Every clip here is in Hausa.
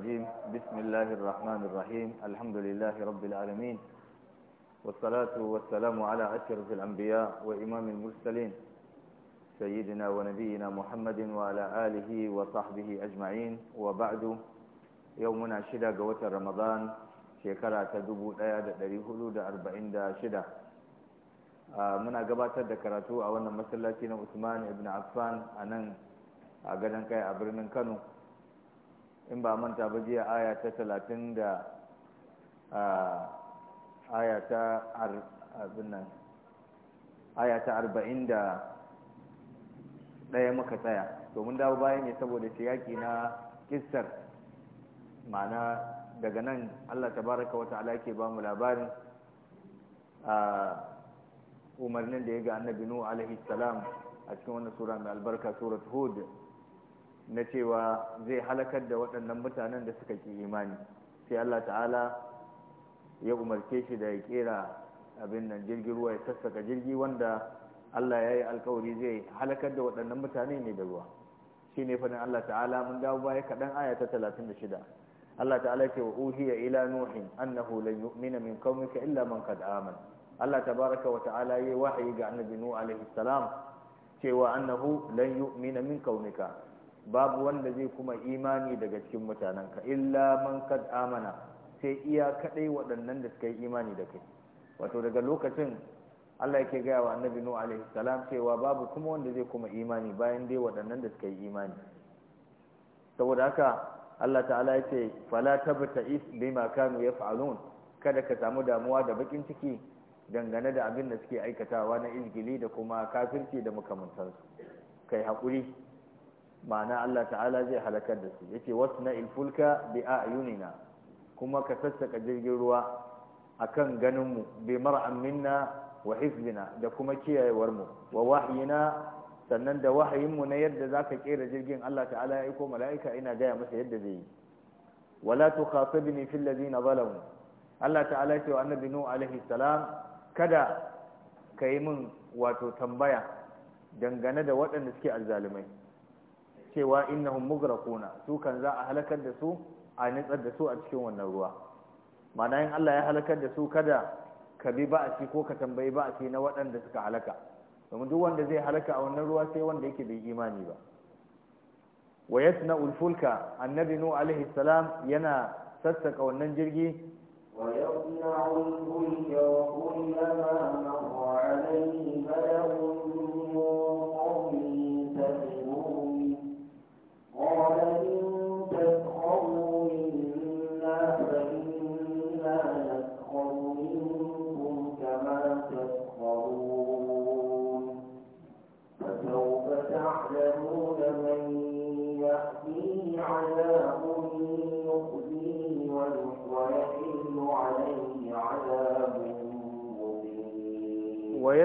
الرجيم بسم الله الرحمن الرحيم الحمد لله رب العالمين والصلاة والسلام على أشرف الأنبياء وإمام المرسلين سيدنا ونبينا محمد وعلى آله وصحبه أجمعين وبعد يومنا شدا قوة رمضان شكرا تدبو ليا دري حدود أربعين دا شدا muna gabatar da karatu a wannan masallaci na Usman ibn Affan a nan a gadon kai a birnin Kano in ba manta ba jiya aya ta talatin da aya ta arba'in da ɗaya muka tsaya domin dawo bayan ne saboda yaƙi na kistar ma'ana daga nan allah tabaraka wata alaƙe ba mu labarin umarnin da ya ga annabi nuhu alaihi salam a cikin wannan sura mai albarka surat hud na cewa zai halakar da waɗannan mutanen da suka ki imani sai Allah ta'ala ya umarce shi da ya kera abin nan jirgin ruwa ya sassaka jirgi wanda Allah ya yi alkawari zai halakar da waɗannan mutane ne da ruwa shi ne fadin Allah ta'ala mun dawo baya kaɗan aya ta talatin da shida Allah ta'ala ce wa ya ila nuhin annahu lan yu'mina min qaumika illa man qad aman Allah tabaraka wa ta'ala yayi wahayi ga annabi nuh alaihi salam cewa annahu lan yu'mina min qaumika babu wanda zai kuma imani daga cikin mutanenka illa man kad amana sai iya kadai waɗannan da suka yi imani da kai wato daga lokacin Allah yake gaya wa annabi nuh alaihi salam cewa babu kuma wanda zai kuma imani bayan dai waɗannan da suka yi imani saboda haka Allah ta'ala ya ce fala tabta is bima kanu yaf'alun kada ka samu damuwa da bakin ciki dangane da abin da suke aikatawa na izgili da kuma kafirci da makamantansu kai haƙuri ma'ana Allah ta'ala zai halakar da su wasu na ilfulka bi ayunina kuma ka sassaka jirgin ruwa akan ganin mu bi mar'an minna wa hifzina da kuma kiyayewar mu wa wahyina sannan da wahayin mu na yadda zaka kera jirgin Allah ta'ala ya aiko mala'ika ina gaya masa yadda zai yi wala tukhatibni fil ladina zalamu Allah ta'ala ya ce wa annabi nuh alaihi salam kada yi min wato tambaya dangane da waɗanda suke azzalumai cewa innahum mughraquna su kan za a halakar da su a nitsar da su a cikin wannan ruwa ma'ana in Allah ya halakar da su kada ka bi ba'asi ko ka tambayi ba'asi na waɗanda suka halaka domin duk wanda zai halaka a wannan ruwa sai wanda yake bai imani ba wa yasna ulfulka annabi nu alaihi salam yana sassaka wannan jirgi wa yasna ulfulka wa kullama marra alaihi mala'un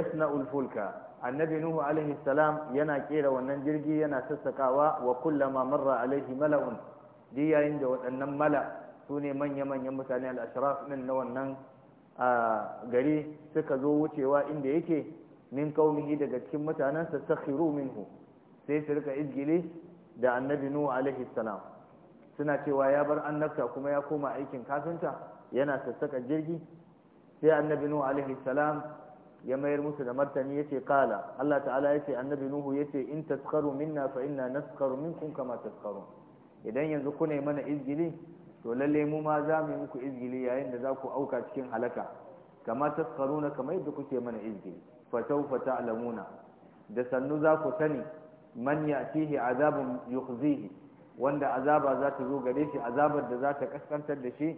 yasna'ul ulfulka annabi nuhu alaihi salam yana kera wannan jirgi yana sassakawa wa kullama marra alaihi mala'un di yayin da waɗannan mala su ne manya-manyan mutane al'ashraf ɗin na wannan gari suka zo wucewa inda yake min kaumihi daga cikin mutanensa sakhiru minhu sai su rika izgili da annabi nuhu alaihi salam suna cewa ya bar annabta kuma ya koma aikin kafinta yana sassaka jirgi sai annabi nuhu alaihi salam ya mayar musu da martani yace kala Allah ta'ala yace annabi nuhu yace in taskaru minna fa inna naskaru minkum kama taskaru idan yanzu kuna mana izgili to lalle mu ma za mu yi muku izgili yayin da za ku auka cikin halaka kama na kama yadda kuke mana izgili fa sawfa ta'lamuna da sannu za ku sani man ya'tihi azabun yukhzihi wanda azaba za ta zo gare shi azabar da za ta kaskantar da shi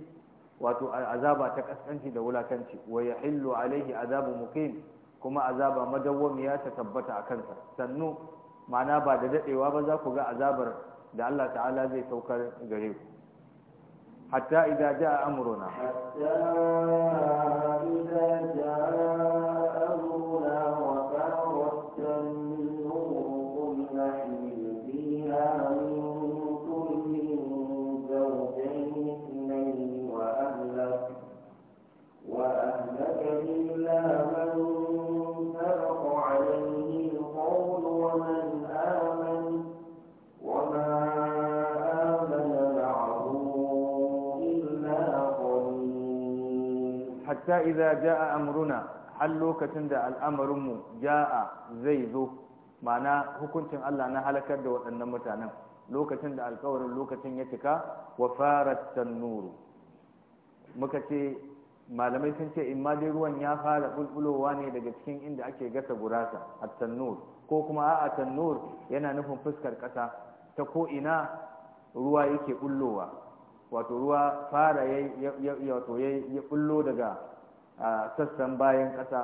wato azaba ta kaskanci da wulakanci wa hillu alaihi azabu muqim kuma azaba madawwamiya ta tabbata a kansa sannu ma'ana ba da dadewa ba za ku ga azabar da Allah ta'ala zai saukar gare ku hatta idza jaa amruna hatta idza jaa hatta idza jaa amruna har lokacin da al'amarinmu jaa zai zo ma'ana hukuncin Allah na halakar da waɗannan mutanen lokacin da alkawarin lokacin ya cika wa farat tannuru muka ce malamai sun ce in ma dai ruwan ya fara bulbulowa ne daga cikin inda ake gasa gurasa a tannur ko kuma a tannur yana nufin fuskar ƙasa ta ko ina ruwa yake bullowa wato ruwa fara ya bullo daga a sassan bayan ƙasa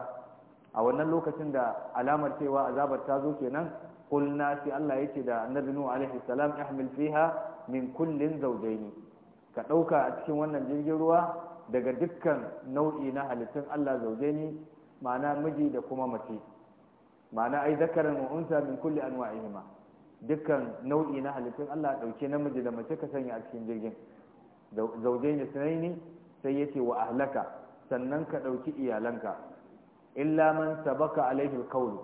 a wannan lokacin da alamar cewa azabar ta zo kenan kulna sai Allah ya ce da annabi nuhu alaihi salam ihmil fiha min kullin zawjaini ka ɗauka a cikin wannan jirgin ruwa daga dukkan nau'i na halittun Allah zawjaini ma'ana miji da kuma mace ma'ana ai zakaran wa unsa min kulli anwa'ihima dukkan nau'i na halittun Allah dauke namiji da mace ka sanya a cikin jirgin zaujaini sunaini sai yace wa ahlaka sannan ka ɗauki iyalanka illa man sabaka alaihi alqawlu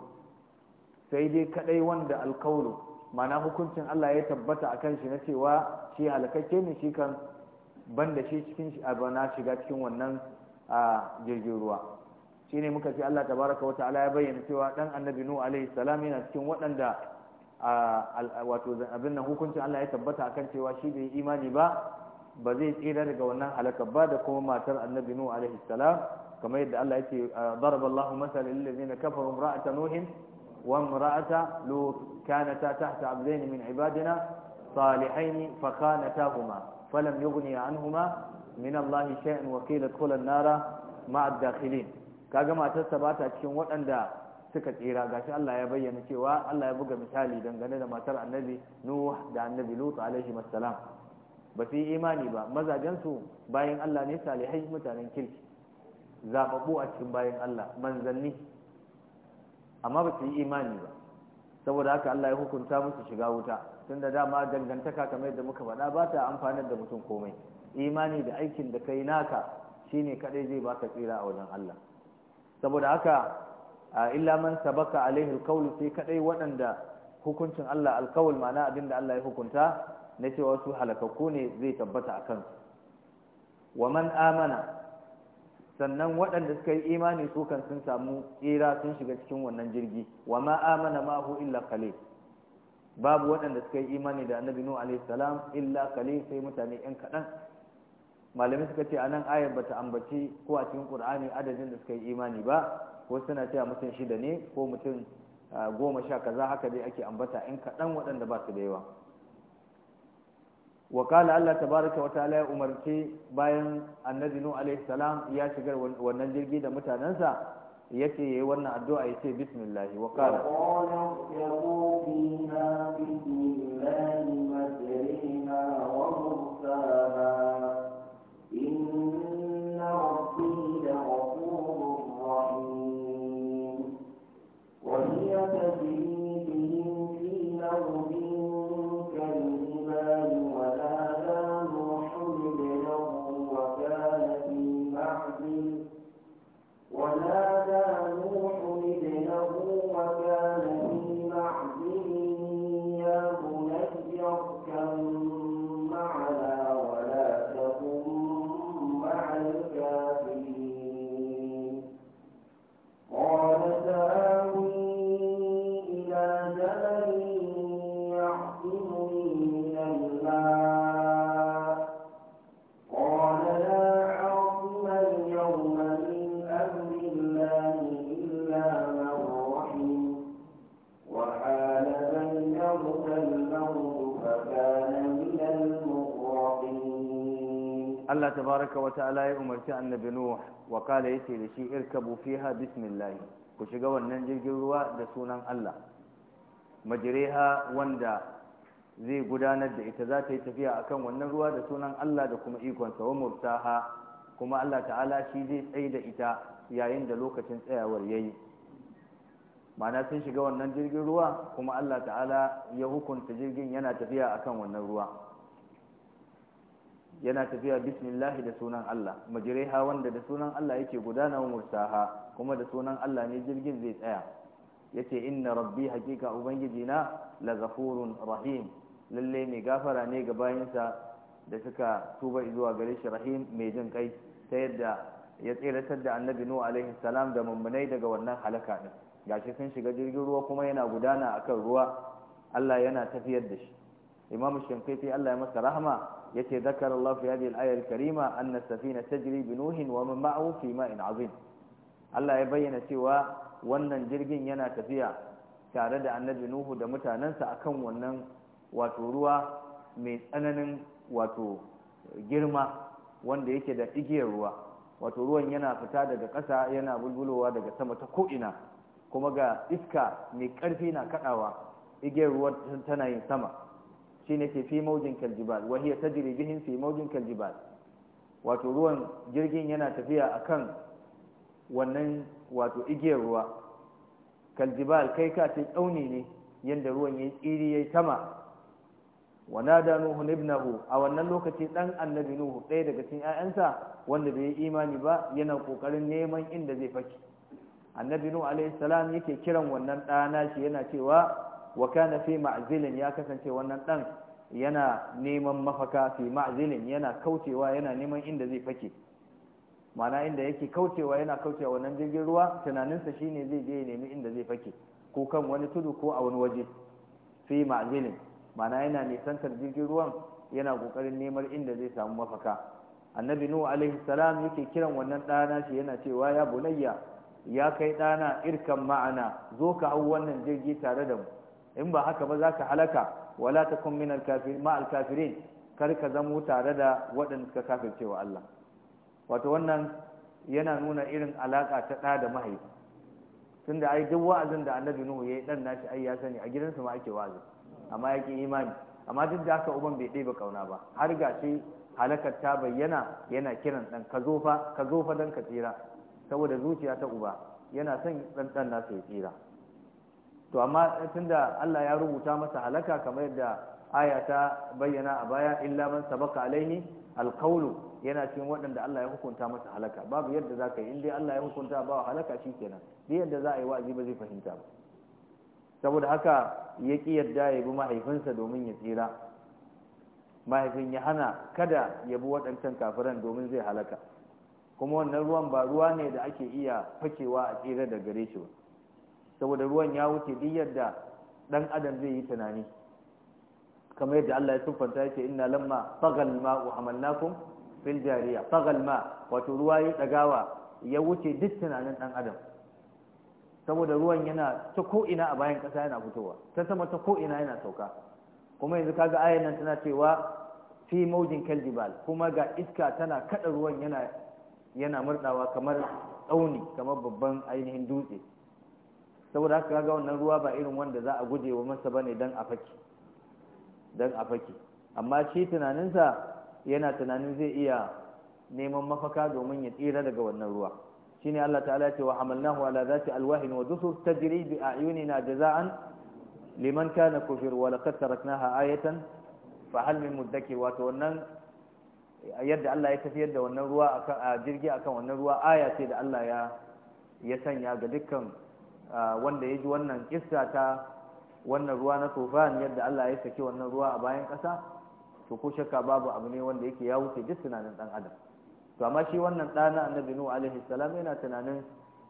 sai dai kadai wanda alqawlu mana hukuncin Allah ya tabbata akan shi na cewa shi halakakke ne shi kan banda shi cikin abana shiga cikin wannan a jirgin ruwa shine muka ce Allah tabaraka wa ta'ala ya bayyana cewa dan annabi nu alaihi salam yana cikin waɗanda wato abin nan hukuncin Allah ya tabbata akan cewa shi bai imani ba ba zai tsira daga wannan halaka ba da kuma matar annabi nuhu alaihi salam kamar yadda Allah yake daraballahu masalan lil ladina kafaru imra'ata nuhin wa imra'ata lut kanata tahta abdayn min ibadina salihain fakhanatahuma falam yughni anhuma min Allah shay'an wa qila idkhula an-nara ma'a ad-dakhilin kaga matarsa ba ta cikin waɗanda suka tsira gashi Allah ya bayyana cewa Allah ya buga misali dangane da matar annabi nuh da annabi lut alaihi ba su yi imani ba mazajen su bayan Allah ne salihai mutanen kirki zaɓaɓɓu a cikin bayan Allah manzanni amma ba su yi imani ba saboda haka Allah ya hukunta musu shiga wuta tun da dama dangantaka kamar yadda muka faɗa ba ta amfanar da mutum komai imani da aikin da kai naka shine kaɗai zai baka tsira a wajen Allah saboda haka illa man sabaka alaihi alqawl sai kadai waɗanda hukuncin Allah alqawl ma'ana abin da Allah ya hukunta na cewa su halakakku ne zai tabbata a kansu wa man amana sannan waɗanda suka yi imani su kan sun samu tsira sun shiga cikin wannan jirgi wa ma amana hu illa kale babu waɗanda suka yi imani da annabi nuhu alaihi salam illa kale sai mutane yan kaɗan malamai suka ce a nan ayar bata ambaci ko a cikin qur'ani adadin da suka yi imani ba ko suna cewa mutum shida ne ko mutum ah, goma sha kaza haka dai ake ambata yan kaɗan waɗanda ba su da yawa wa kala Allah tabaraka wa ta'ala ya umarci bayan annabi nuh alaihi salam ya shigar wannan jirgi da mutanansa yake yayi wannan addu'a yace bismillah wa kala bismillah wa Allah tabaraka wa ta'ala ya umarci annabi Nuh wa kala yace da shi irkabu fiha bismillah ku shiga wannan jirgin ruwa da sunan Allah majriha wanda zai gudanar da ita za ta yi tafiya akan wannan ruwa da sunan Allah da kuma ikonsa wa murtaha kuma Allah ta'ala shi zai tsaye da ita yayin da lokacin tsayawar yayi ma'ana sun shiga wannan jirgin ruwa kuma Allah ta'ala ya hukunta jirgin yana tafiya akan wannan ruwa yana tafiya bismillahi da sunan Allah majriha wanda da sunan Allah yake gudana wa mursaha kuma da sunan Allah ne jirgin zai tsaya yace inna rabbi hakika ubangiji na la ghafurun rahim lalle mai gafara ne ga bayinsa da suka tuba zuwa gare shi rahim mai jin kai ta yadda ya tseratar da annabi nuhu alaihi salam da mummunai daga wannan halaka din gashi sun shiga jirgin ruwa kuma yana gudana akan ruwa Allah yana tafiyar da shi imam shankaiti Allah ya masa rahma yace zakara Allah fi hadhihi al karima anna safina tajri bi nuhin wa man ma'ahu Allah ya bayyana cewa wannan jirgin yana tafiya tare da annabi nuhu da mutanansa akan wannan wato ruwa mai tsananin wato girma wanda yake da igiyar ruwa wato ruwan yana fita daga ƙasa yana bulbulowa daga sama ta ko'ina kuma ga iska mai ƙarfi na kaɗawa igiyar ruwan tana yin sama shine ke fi maujin kaljibal wa hiya tajri bihim fi maujin kaljibal wato ruwan jirgin yana tafiya akan wannan wato igiyar ruwa kaljibal kai ka ce tsauni ne yanda ruwan ya tsiri yayi tama wa nada nuhu ibnahu a wannan lokaci dan annabi nuhu ɗaya daga cikin ƴaƴansa wanda bai yi imani ba yana kokarin neman inda zai faki annabi nuhu alaihi salam yake kiran wannan ɗana shi yana cewa wa kana fi ma'zilin ya kasance wannan dan yana neman mafaka fi ma'zilin yana kaucewa yana neman inda zai fake mana inda yake kaucewa yana kaucewa wannan jirgin ruwa tunaninsa shine zai je ya nemi inda zai fake ko kan wani tudu ko a wani waje fi ma'zilin mana yana nisantar jirgin ruwan yana kokarin neman inda zai samu mafaka annabi nuhu alaihi salam yake kiran wannan dana shi yana cewa ya bunayya ya kai dana irkan ma'ana zo ka hau wannan jirgi tare da mu in ba haka ba za ka halaka wala kun min al kar ka zamo tare da waɗanda suka wa Allah wato wannan yana nuna irin alaka ta ɗa da mahaifi tunda ai duk wa'azin da annabi nuhu ya yi dan nashi ai ya sani a gidansa ma ake wa'azi amma ya ki imani amma duk da haka uban bai ba kauna ba har ga gashi halakar ta bayyana yana kiran ɗan ka zo fa ka zo fa dan ka tsira saboda zuciya ta uba yana son dan na nasa ya tsira to amma tunda Allah ya rubuta masa halaka kamar yadda aya ta bayyana a baya illa man sabaka alaihi alqawlu yana cikin waɗanda Allah ya hukunta masa halaka babu yadda za ka yi in dai Allah ya hukunta ba halaka shi kenan duk yadda za a yi wa'azi ba zai fahimta ba saboda haka ya ki yadda ya bi mahaifinsa domin ya tsira mahaifin ya hana kada ya bi waɗancan kafiran domin zai halaka kuma wannan ruwan ba ruwa ne da ake iya fakewa a tsira da gare shi ba saboda ruwan ya wuce duk yadda dan adam zai yi tunani kamar yadda Allah ya siffanta yake inna lamma tagal ma'u hamalnakum fil jariya fagal ma wato ruwa ya dagawa ya wuce duk tunanin dan adam saboda ruwan yana ta ko ina a bayan kasa yana fitowa ta sama ta ko ina yana sauka kuma yanzu kaga ayan nan tana cewa fi maujin kaljibal kuma ga iska tana kada ruwan yana yana murdawa kamar tsauni kamar babban ainihin dutse saboda haka kaga wannan ruwa ba irin wanda za a guje wa masa bane dan a fake dan a fake amma shi tunaninsa yana tunanin zai iya neman mafaka domin ya tsira daga wannan ruwa shine Allah ta'ala ya ce wa hamalnahu ala zati alwahin wa dusur tajri bi a'yunina jaza'an liman kana kufir wa laqad taraknaha ayatan fa hal min wa wato wannan yadda Allah ya tafiyar da wannan ruwa a jirgi akan wannan ruwa aya ce da Allah ya ya sanya ga dukkan wanda ya ji wannan kissa ta wannan ruwa na tufan yadda Allah ya saki wannan ruwa a bayan kasa to ko shakka babu abu ne wanda yake ya wuce duk tunanin dan adam to amma shi wannan ɗa na annabi nuhu alaihi salam yana tunanin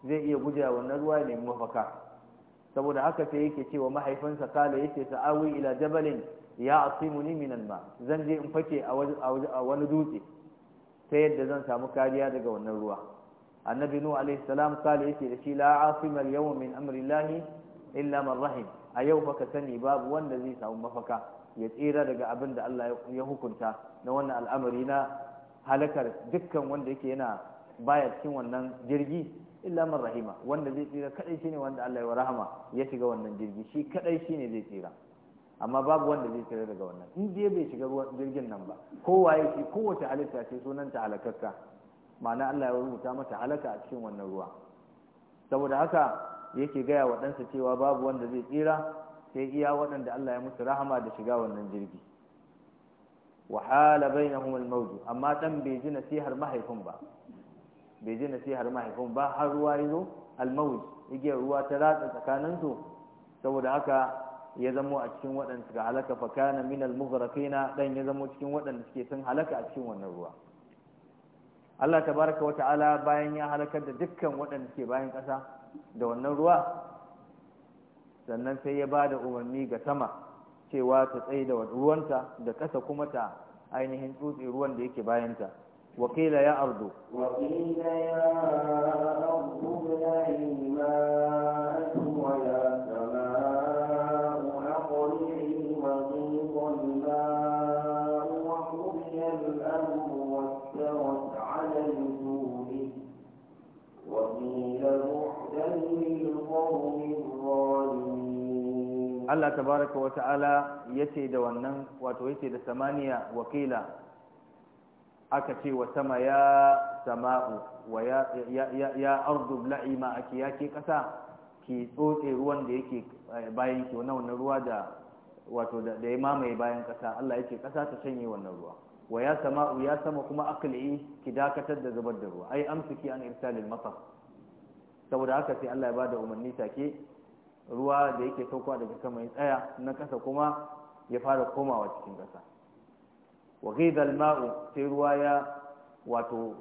zai iya guje wannan ruwa ya nemi mafaka saboda haka sai yake cewa mahaifinsa kala yace "Awi ila jabalin ya asimuni minan ma zan je in fake a wani dutse ta yadda zan samu kariya daga wannan ruwa annabi nuhu alaihi salam kale yake da shi la yawan min amri llahi illa man rahim a yau baka sani babu wanda zai samu mafaka ya tsira daga abinda da Allah ya hukunta na wannan al'amari na halakar dukkan wanda yake yana baya cikin wannan jirgi illa man rahima wanda zai tsira kadai shine wanda Allah ya rahama ya shiga wannan jirgi shi kadai shine zai tsira amma babu wanda zai tsira daga wannan in dai bai shiga jirgin nan ba kowa yake kowace halitta ce sunanta halakakka ma'ana Allah ya rubuta mata halaka a cikin wannan ruwa saboda haka yake gaya wa ɗansa cewa babu wanda zai tsira sai iya waɗanda Allah ya musu rahama da shiga wannan jirgi wa hala bainahum al-mawju amma dan bai ji nasihar mahaifin ba bai ji nasihar mahaifin ba har ruwa ya zo al-mawj igiyar ruwa ta ratsa tsakanin su saboda haka ya zamo a cikin waɗanda suka halaka fa kana min al-mughraqina dan ya zamo cikin waɗanda suke sun halaka a cikin wannan ruwa Allah ta tabaraka wa ta'ala bayan ya halakar da dukkan waɗanda ke bayan ƙasa da wannan ruwa sannan sai ya ba da umarni ga sama cewa ta tsaye da ruwanta da ƙasa kuma ta ainihin tsutse ruwan da yake bayanta wakila ya ardu wakila ya ardu Allah tabaraka wa ta'ala yace da wannan wato yace da samaniya wakila aka ce wa sama ya sama'u wa ya ya ya ardu la'ima ya ke kasa ki tsotse ruwan da yake eh, bayan ki wannan wannan ruwa da wato da ya mamaye bayan kasa Allah ya ce kasa ta shanye wannan ruwa wa ya sama'u ya sama kuma akli ki dakatar da zubar da ruwa ai amsiki an irsalil matar saboda haka sai Allah ya bada umarni take ruwa da yake saukowa daga sama ya tsaya na ƙasa kuma ya fara komawa cikin ƙasa wa ghidal ma'u sai ruwa ya wato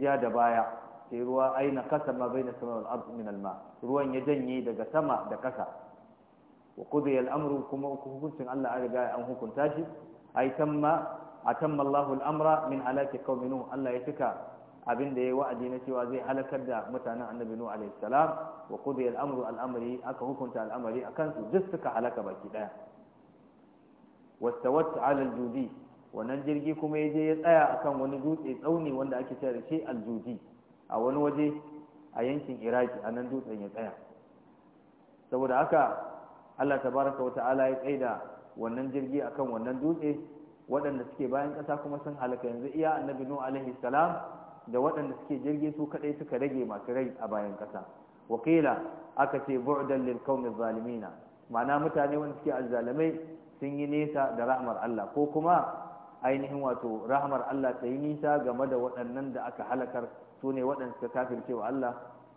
ya da baya sai ruwa aina kasa ma baina sama wal ard min al ruwan ya janye daga sama da ƙasa wa qudiya al amru kuma hukuncin Allah an riga an hukunta shi ai tamma atamma Allahu al amra min halaki qaumin Allah ya cika abin da ya wa'adi na cewa zai halakar da mutanen annabi nuhu alaihi salam wa qudiya al-amru al-amri aka hukunta al'amari akan su duk suka halaka baki daya wastawat ala al-judi wannan jirgi kuma ya je ya tsaya akan wani dutse tsauni wanda ake cewa shi al-judi a wani waje a yankin iraki a nan dutsen ya tsaya saboda haka Allah tabaraka wa ta'ala ya tsaida wannan jirgi akan wannan dutse waɗanda suke bayan ƙasa kuma sun halaka yanzu iya annabi nuhu alaihi salam da waɗanda suke jirgin su kaɗai suka rage masu rai a bayan ƙasa wakila aka ce bu'dan lil qaumi zalimina ma'ana mutane wanda suke azzalamai sun yi nesa da rahmar Allah ko kuma ainihin wato rahmar Allah ta yi nisa game da waɗannan da aka halakar su ne waɗanda suka kafircewa Allah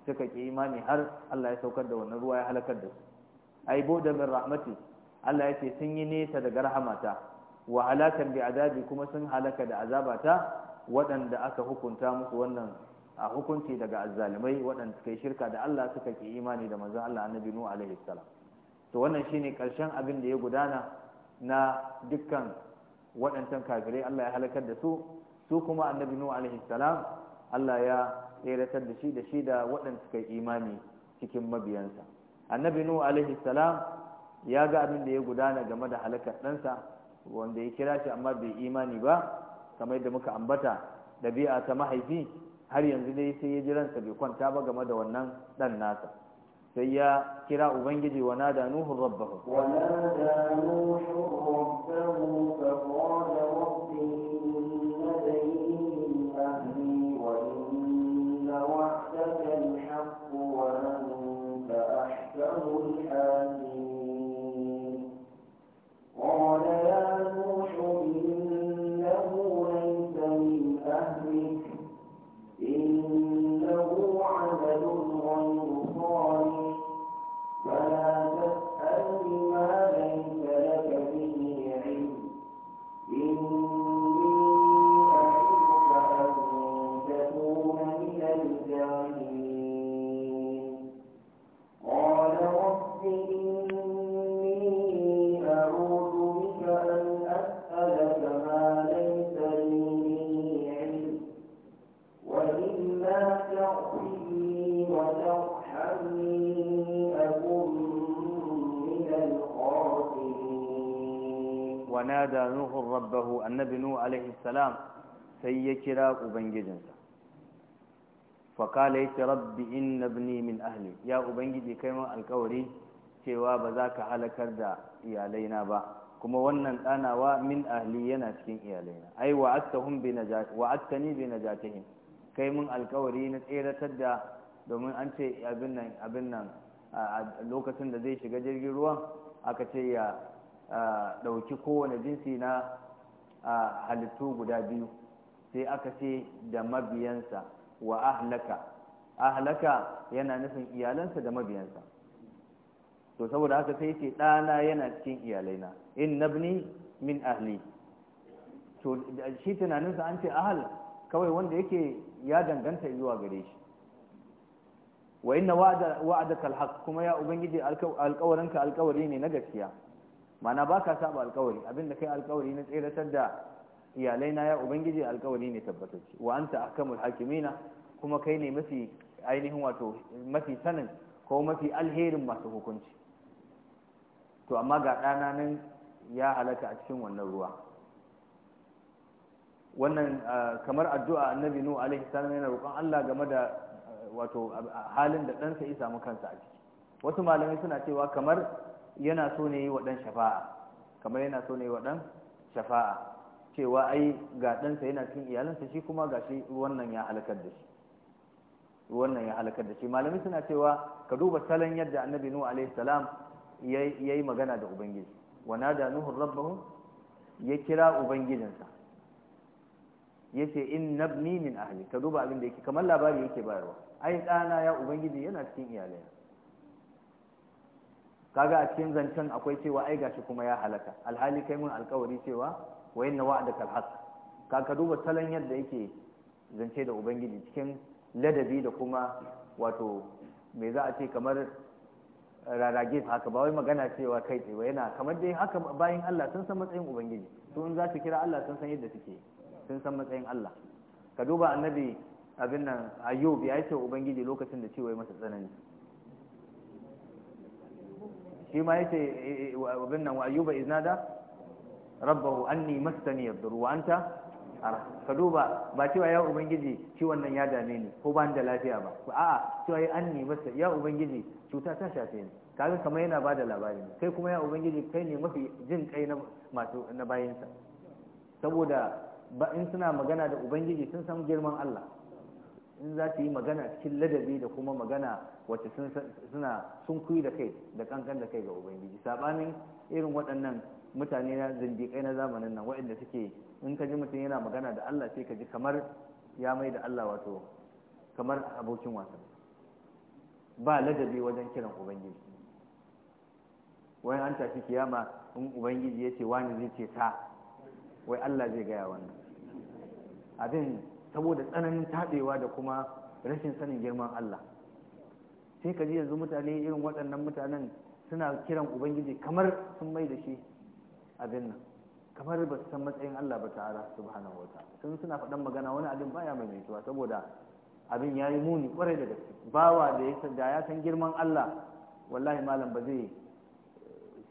suka ƙi imani har Allah ya saukar da wannan ruwa ya halakar da su ai min rahmati Allah ya ce sun yi nesa daga rahamata wa halakan bi azabi kuma sun halaka da azabata waɗanda aka hukunta musu wannan a hukunci daga azzalimai waɗanda suka yi shirka da Allah suka ki imani da manzon Allah annabi Nuhu alaihi to wannan shine karshen abin da ya gudana na dukkan waɗancan kafirai Allah ya halakar da su su kuma annabi Nuhu alaihi Allah ya tseratar da shi da shi da waɗanda suka yi imani cikin mabiyansa annabi Nuhu alaihi salam ya ga abin da ya gudana game da halakar ɗansa wanda ya kira shi amma bai imani ba kamar da muka ambata ɗabi'a ta mahaifi har yanzu dai sai ya ji ransa bai kwanta ba game da wannan dan nasa sai ya kira ubangiji wa nada nuhu rabbahu wa nada nuhu rabbahu fa qala rabbi inna dayni ahli wa inna wa'daka al-haqq wa anta ahkamul salam sai ya kira ubangijinsa fakala yace rabbi na bi min ahli ya ubangiji kai min alkawari cewa ba za ka halakar da iyalaina ba kuma wannan ɗanawa min ahli yana cikin iyalaina ai wa'attahum bi najati wa'attani bi najatihim kai mun alkawari na tseratar da domin an ce abin nan abin nan a lokacin da zai shiga jirgin ruwa aka ce ya ɗauki kowane jinsi na a halittu guda biyu sai aka ce da mabiyansa wa ahlaka ahlaka yana nufin iyalansa da mabiyansa to saboda haka sai ce ɗana yana cikin iyalaina in nabni min ahli to shi tunaninsa an ce ahal kawai wanda yake ya danganta zuwa gare shi wa inna wa'adaka alhaq kuma ya ubangiji alƙawarinka alƙawari ne na gaskiya mana ba ka saba alkawari abinda kai alkawari na tseratar da iyalai na ya ubangiji alkawari ne tabbatacce wa anta ahkamul hakimina kuma kai ne mafi ainihin wato mafi sanin ko mafi alherin masu hukunci to amma ga ɗana nan ya halaka a cikin wannan ruwa wannan kamar addu'a annabi nu alaihi salam yana roƙon Allah game da wato halin da ɗansa ya samu kansa a ciki wasu malamai suna cewa kamar yana so ne yi wa shafa'a kamar yana so ne yi wa shafa'a cewa ai ga ɗansa yana cikin iyalinsa shi kuma ga shi wannan ya halakar da shi wannan ya halakar da shi malamai suna cewa ka duba salon yadda annabi nuhu alaihi salam ya yi magana da ubangiji wana da nuhu rabbahu ya kira ubangijinsa ya ce in nabni min ahli ka duba abin da yake kamar labari yake bayarwa ai ɗana ya ubangiji yana cikin iyalai kaga a cikin zancen akwai cewa ai gashi kuma ya halaka alhali kai mun alkawari cewa wa inna wa'adaka alhaq ka ka duba salon yadda yake zance da ubangiji cikin ladabi da kuma wato me za a ce kamar rarage haka ba wai magana cewa kai tsaye yana kamar dai haka bayan Allah sun san matsayin ubangiji to in za su kira Allah sun san yadda suke sun san matsayin Allah ka duba annabi abin nan ayyub ya ce ubangiji lokacin da cewa masa tsanani shi ma yace eh, eh, abin nan wa ayyuba iznada rabbahu anni mastani yadru wa anta ka duba ba cewa ya ubangiji ciwon nan ya dame ni ko ban da lafiya ba a cewa ya anni masa ya ubangiji cuta ta shafe ni kaga kamar yana bada labari ne kai kuma ya ubangiji kai ne mafi jin kai na masu na bayinsa saboda ba in suna magana da ubangiji sun san girman Allah in za ta yi magana cikin ladabi da kuma magana wacce suna sun kuyi da kai da kankan da kai ga ubangiji sabanin irin waɗannan mutane na zindiƙai na zamanin nan waɗanda suke in ka ji mutum yana magana da Allah sai ka ji kamar ya mai da Allah wato kamar abokin wasan ba ladabi wajen kiran ubangiji wai an tafi kiyama in ubangiji ya ce wani zai ce ta wai Allah zai gaya wannan abin saboda tsananin taɓewa da kuma rashin sanin girman Allah sai ka ji yanzu mutane irin waɗannan mutanen suna kiran ubangiji kamar sun mai da shi abin nan kamar ba su san matsayin Allah ba ta'ala subhanahu wa sun suna faɗan magana wani abin baya mai maituwa saboda abin ya yi muni kwarai da gaske bawa da ya san ya san girman Allah wallahi malam ba zai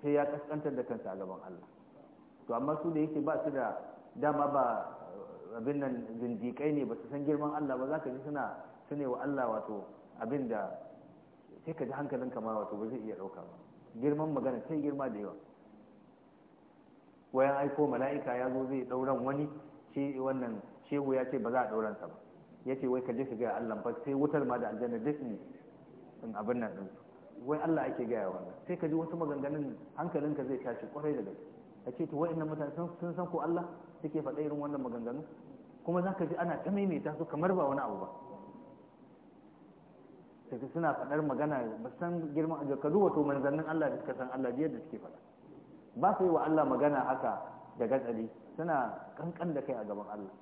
sai ya kaskantar da kansa a gaban Allah to amma su da yake ba su da dama ba abin nan zindikai ne ba su san girman Allah ba za ka ji suna sune wa Allah wato abin da sai ka ji hankalin kamar wato ba zai iya ɗauka ba girman magana sai girma da yawa wayan aiko mala'ika ya zo zai ɗauran wani ce wannan shehu ya ce ba za a ɗauran sa ba ya ce wai ka je ka gaya Allah ba sai wutar ma da aljanna duk ne in abin nan ɗin wai Allah ake gaya wannan sai ka ji wasu maganganun hankalinka zai tashi kwarai da gaske a ce to nan mutane sun san ko Allah suke faɗa irin wannan maganganu kuma za ka ji ana ta maimaita su kamar ba wani abu ba daga suna faɗar magana ba san girman ajiyar ka duba to manzannin Allah da suka san Allah biyar da suke faɗa ba su yi wa Allah magana haka da gatsari, suna kankan da kai a gaban Allah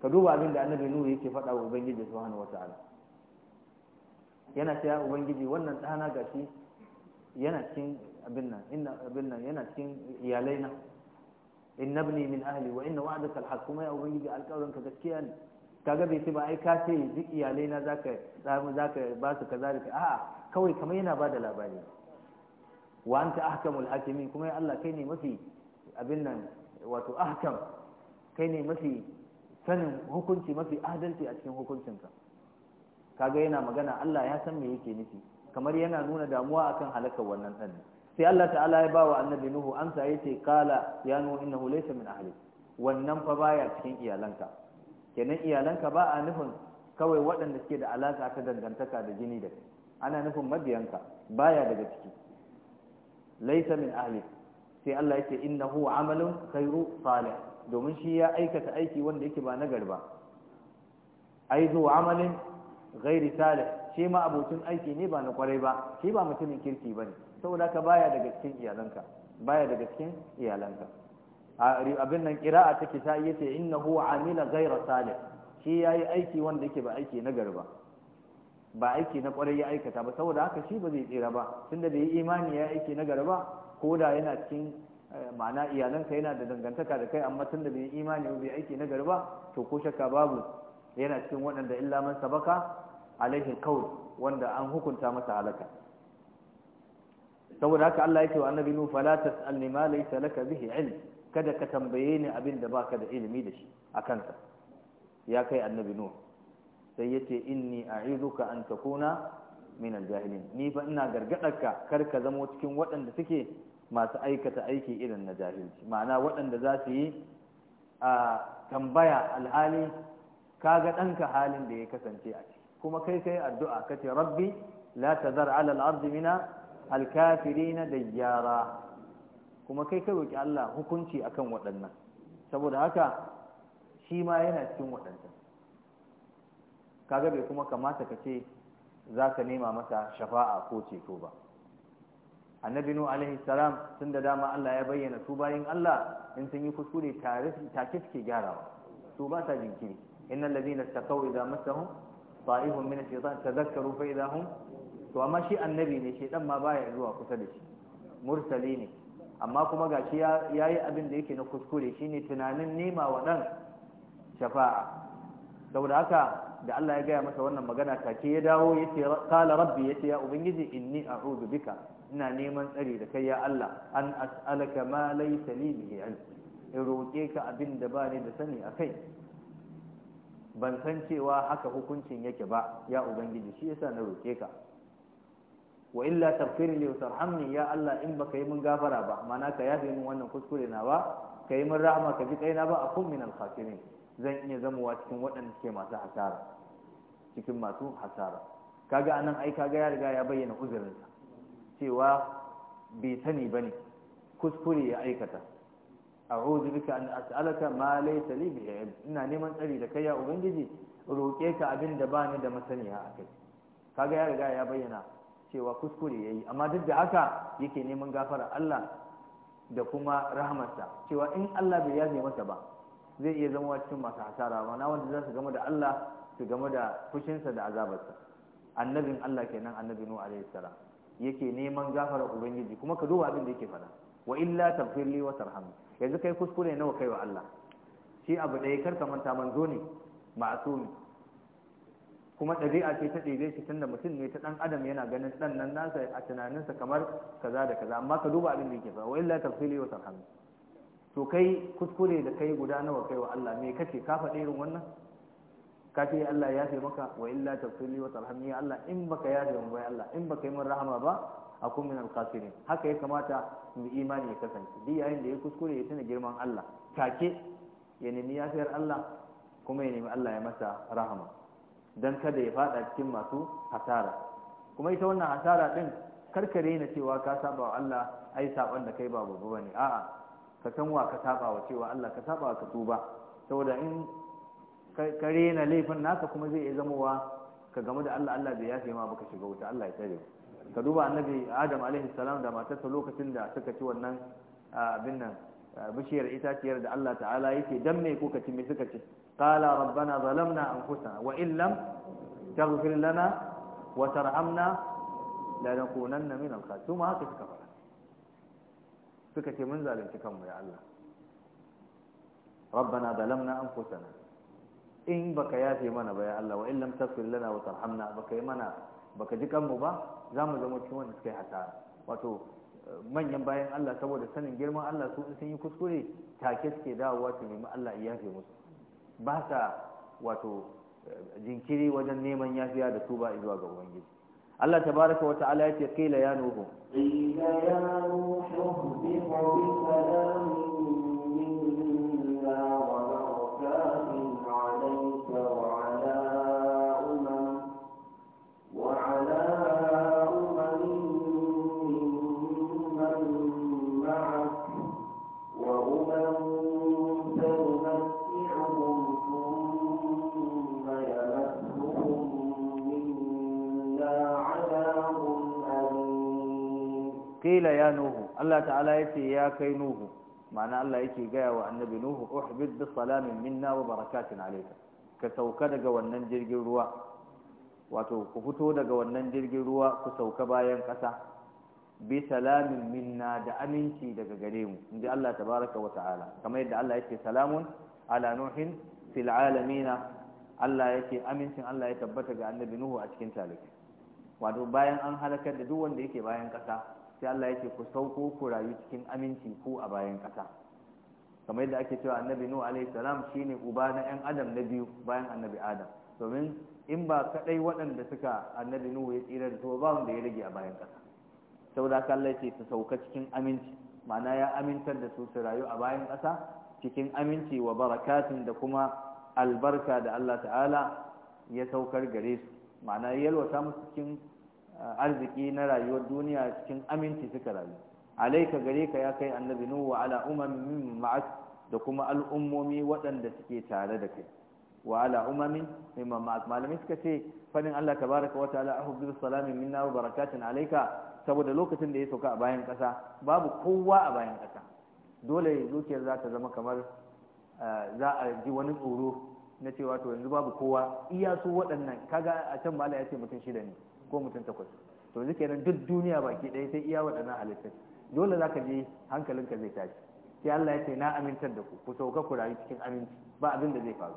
ka duba abin da annabi nuhu yake faɗa wa ubangiji subhanahu wata'ala yana cewa ubangiji wannan ɗana gashi yana cikin abin nan abin nan yana cikin iyalai na inna ne min ahli wa inna wa'daka alhaq kuma ya ubangiji alƙawarin ka gaskiya ne kaga bai ce ba ai ka ce duk iyalai na zaka zaka ba su kaza da a'a kawai kamar yana bada labari wa anta ahkamul hakimin kuma ya Allah kai ne mafi abin nan wato ahkam kai ne mafi sanin hukunci mafi adalci a cikin hukuncin ka kaga yana magana Allah ya san me yake nufi kamar yana nuna damuwa akan halakar wannan ɗan sai Allah ta'ala ya bawa annabi nuhu amsa ya ce kala ya nuhu innahu laysa min ahli wannan fa baya cikin iyalanka kenan iyalanka ba a nufin kawai waɗanda suke da alaka ta dangantaka da jini da kai ana nufin mabiyanka baya daga ciki laysa min ahli sai Allah yake innahu amalun khairu salih domin shi ya aikata aiki wanda yake ba na garba aizu amalin ghairi salih shi ma abokin aiki ne ba na kwarai ba shi ba mutumin kirki bane saboda ka baya daga cikin iyalanka baya daga cikin iyalanka abin nan kira'a ta kisa yace innahu amila ghayra salih shi yayi aiki wanda yake ba aiki na garba ba aiki na kwarai ya aikata ba saboda haka shi ba zai tsira ba tunda bai yi imani ya aiki na garba ko da yana cikin eh, ma'ana iyalanka yana da dangantaka da kai amma tunda bai yi imani ba bai aiki na garba to ko shakka babu yana cikin waɗanda illa man sabaka alaihi qaul wanda an hukunta masa halaka saboda haka Allah ce wa annabi nu fala tas'alni ma laysa laka bihi ilm kada ka tambaye ni abin da baka da ilimi da shi akan sa ya kai annabi nu sai yace inni a'iduka an takuna min al-jahilin ni fa ina gargadarka kar ka zamo cikin waɗanda suke masu aikata aiki irin na jahilci ma'ana waɗanda za su yi a tambaya alhali kaga ɗanka halin da ya kasance a ciki kuma kai kai addu'a kace rabbi la tazar ala al-ardi mina alkafirina yara kuma kai ka roki Allah hukunci akan waɗannan saboda haka shi ma yana cikin waɗannan kaga bai kuma kamata ka ce za ka nema masa shafa'a ko ceto ba annabi nu alaihi salam tun da dama Allah ya bayyana su bayin Allah in sun yi kuskure tare take suke gyarawa su ba ta jinkiri innal ladina taqaw idza massahum ta'ifun min ash-shaytan tadhakkaru fa idza hum to amma shi annabi ne shi dan ma baya zuwa kusa da shi mursali ne amma kuma gashi yayi abin da yake na kuskure shine tunanin nema wa dan shafa'a saboda haka da Allah ya gaya masa wannan magana take ya dawo yace qala rabbi yace ya ubangiji inni a'udhu bika ina neman tsari da kai ya Allah an as'alaka ma laysa li bihi ilm in ka abin da ba ni da sani akai ban san cewa haka hukuncin yake ba ya ubangiji shi yasa na roke ka wa illa taghfir li wa tarhamni ya Allah in baka yi mun gafara ba mana ka yafe min wannan kuskure na ba ka yi min rahama ka bi kaina ba akun min al khasirin zan iya zamowa cikin waɗanda suke masu hasara cikin masu hasara kaga anan ai kaga ya riga ya bayyana uzurinsa cewa bai sani bane kuskure ya aikata a'udhu bika an as'alaka ma laysa li bihi ina neman tsari da kai ya ubangiji roke ka abin da bani da masaniya akai kaga ya riga ya bayyana cewa kuskure yayi amma duk da haka yake neman gafara Allah da kuma rahamarsa cewa in Allah bai yafe masa ba zai iya zama cikin masu hasara ba na wanda za su gama da Allah su gama da fushinsa da azabarsa annabin Allah kenan annabi Nuhu alaihi salam yake neman gafara ubangiji kuma ka duba abin da yake faɗa wa illa tafirli wa tarham yanzu kai kuskure nawa kai wa Allah shi abu da ya karka manta manzo ne ma'asumi kuma ɗabi'a ce ta ɗebe shi da mutum ne ta ɗan adam yana ganin ɗan nan nasa a tunaninsa kamar kaza da kaza amma ka duba abin da yake fa wa illa tafsili wa tarham to kai kuskure da kai guda nawa kai wa Allah me kace ka faɗi irin wannan ka ce Allah ya fi maka wa illa tafsili wa tarham ya Allah in baka ya fi ba Allah in baka yi min rahama ba kun min alqasirin haka ya kamata mu imani ya kasance duk yayin da ya kuskure ya tuna girman Allah take ya nemi yafiyar Allah kuma ya nemi Allah ya masa rahama don kada ya fada cikin masu hasara kuma ita wannan hasara din karkare na cewa ka saba wa Allah ai saban da kai ba babu bane a'a ka san wa ka saba wa cewa Allah ka saba ka tuba saboda in ka rena laifin naka kuma zai iya zamowa ka gamu da Allah Allah bai yafe ma baka shiga wuta Allah ya tsare ka duba annabi Adam alaihi salam da matarsa lokacin da suka ci wannan abin nan bishiyar itaciyar da Allah ta'ala yake dan ko ka ci me suka ci قال ربنا ظلمنا أنفسنا وإن لم تغفر لنا وترحمنا لنكونن من الخاسرين ثم هكذا كفر سكتي من ذلك كم يا الله ربنا ظلمنا anfusana, in baka yafe mana ba ya Allah wa illam taghfir lana wa tarhamna baka yi mana baka ji kanmu ba Za mu zama cikin wanda suka yi hasara wato manyan bayan Allah saboda sanin girman Allah su sun yi kuskure take suke dawowa su nemi Allah ya yafe musu ba sa wato jinkiri wajen neman yafiya da tuba zuwa ga ubangiji Allah tabaraka wa ta'ala ce, kila ya nuhu qila ya nuhu bi salamin ya nuhu Allah ta'ala yace ya kai nuhu ma'ana Allah yake gaya wa annabi nuhu uhbid bi salamin minna wa barakatin alayka ka sauka daga wannan jirgin ruwa wato ku fito daga wannan jirgin ruwa ku sauka bayan kasa bi salamin minna da aminci daga gare mu inji Allah tabaraka wa ta'ala kamar yadda Allah yake salamun ala nuhin fil alamina Allah yake amincin Allah ya tabbata ga annabi nuhu a cikin talibai wato bayan an halakar da duk wanda yake bayan kasa. sai Allah yake ku sauko ku rayu cikin aminci ku a bayan ƙasa kamar yadda ake cewa annabi nuhu alaihi salam shine uba na yan adam na biyu bayan annabi adam domin in ba kadai waɗanda suka annabi nuhu ya tsira da ba wanda ya rage a bayan ƙasa saboda haka Allah yake su sauka cikin aminci ma'ana ya amintar da su su rayu a bayan ƙasa cikin aminci wa barakatun da kuma albarka da Allah ta'ala ya saukar gare su ma'ana yalwata musu cikin arziki na rayuwar duniya cikin aminci suka rayu alaika gare ka ya kai annabi nuhu wa ala umamin min ma'ak da kuma al'ummomi waɗanda suke tare da kai wa ala umamin min ma'ak malamai suka ce fadin Allah tabaraka wa ta'ala bi salami minna wa barakatun alaika saboda lokacin da ya sauka a bayan kasa babu kowa a bayan ƙasa dole zuciyar za ta zama kamar eh, za a ji wani tsoro na cewa to yanzu babu kowa iya su waɗannan kaga a can bala ya ce mutum shida ne ko mutum takwas to zai kenan duk duniya baki ɗaya sai iya waɗannan halittar dole za ka je hankalinka zai tashi sai Allah ya ce na amintar da ku ku sauka ku rayu cikin aminci ba abin da zai faru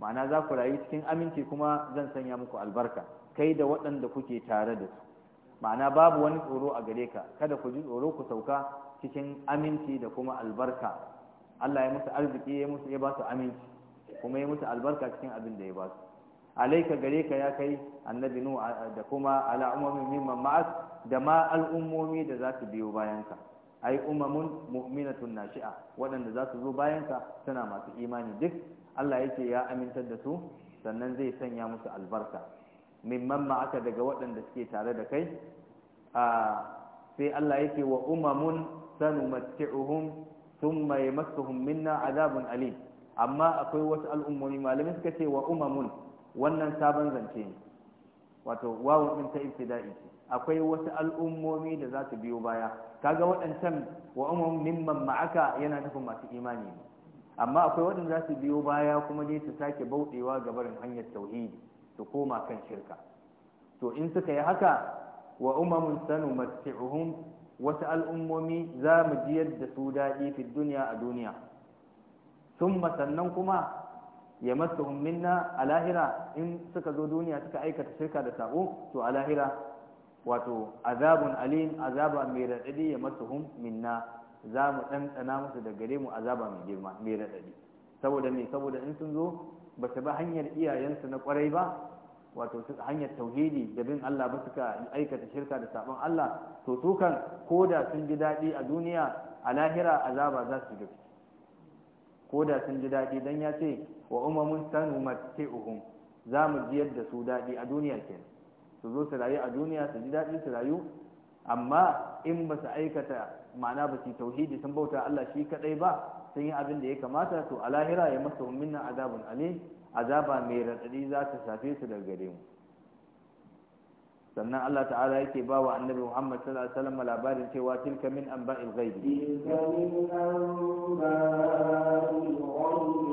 ma'ana za ku rayu cikin aminci kuma zan sanya muku albarka kai da waɗanda kuke tare da su ma'ana babu wani tsoro a gare ka kada ku ji tsoro ku sauka cikin aminci da kuma albarka Allah ya musu arziki ya musu ya ba su aminci kuma ya musu albarka cikin abin da ya ba su alaika gare ka ya kai annabi nu da kuma ala umamin mimman ma'as da ma al'ummomi da za su biyo bayanka ai umamun mu'minatun nashi'a waɗanda za su zo bayanka suna masu imani duk Allah yake ya amintar da su sannan zai sanya musu albarka mimman ma'aka daga waɗanda suke tare da kai sai Allah yake wa umamun sanumatti'uhum thumma yamassuhum minna adabun alim amma akwai wasu al'ummomi malamin suka ce wa umamun wannan sabon zance ne wato wawun din ta ibtida'i akwai wasu al'ummomi da za su biyo baya kaga waɗancan wa umum mimman ma'aka yana nufin masu imani ne amma akwai waɗanda za su biyo baya kuma dai su sake bauɗewa ga barin hanyar tauhidi su koma kan shirka to in suka yi haka wa umamun sanu mati'uhum wasu al'ummomi za mu ji yadda su daɗi fi duniya a duniya sun sannan kuma ya masa minna a lahira in suka zo duniya suka aikata shirka da sabo to a lahira wato azabun alim azaba mai raɗaɗi ya masa minna za mu ɗanɗana musu da gare mu azaba mai girma mai raɗaɗi saboda me saboda in sun zo ba su bi hanyar iyayensu na kwarai ba wato hanyar tauhidi da bin Allah ba suka aikata shirka da sabon Allah to su kan koda sun ji daɗi a duniya a lahira azaba za su gafi ko da sun ji daɗi don ya ce wa umamun sanu uhun za mu jiyar da su daɗi a duniya ke su zo su rayu a duniya su ji daɗi su rayu amma in ba su aikata ma'ana ba su tauhidi sun bauta Allah shi kaɗai ba sun yi abin da ya kamata to a lahira ya masa minna azabun alim azaba mai raɗaɗi za ta shafe su daga gare mu sannan Allah ta'ala yake ba wa annabi Muhammad sallallahu alaihi wasallam labarin cewa tilka min anba'il ghaibi tilka min anba'il ghaibi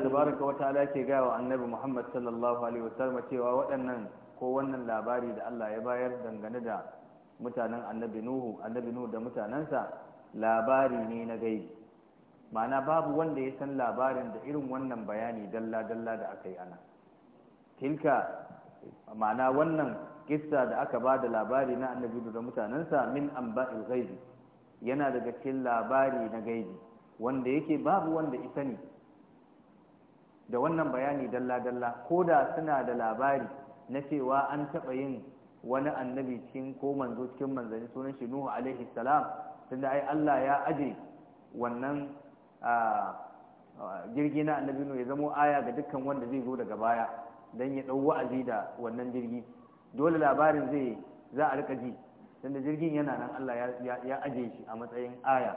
Allah tabaraka wa ta'ala ke gaya wa annabi Muhammad sallallahu alaihi wasallam cewa waɗannan ko wannan labari da Allah ya bayar dangane da mutanen annabi Nuhu annabi Nuhu da mutanensa labari ne na gaibi ma'ana babu wanda ya san labarin da irin wannan bayani dalla dalla da aka yi ana tilka ma'ana wannan kissa da aka ba da labari na annabi da mutanensa min amba'il ghaibi yana daga cikin labari na gaibi wanda yake babu wanda isani da wannan bayani dalla-dalla ko da suna da labari na cewa an taɓa yin wani annabi cikin ko manzo cikin manzanni sunan shi Nuhu alaihi salam tunda ai Allah ya aje wannan jirgi na annabi Nuhu ya zamo aya ga dukkan wanda zai zo daga baya dan ya dau wa'azi da wannan jirgi dole labarin zai za a rika ji tunda jirgin yana nan Allah ya ajiye aje shi a matsayin aya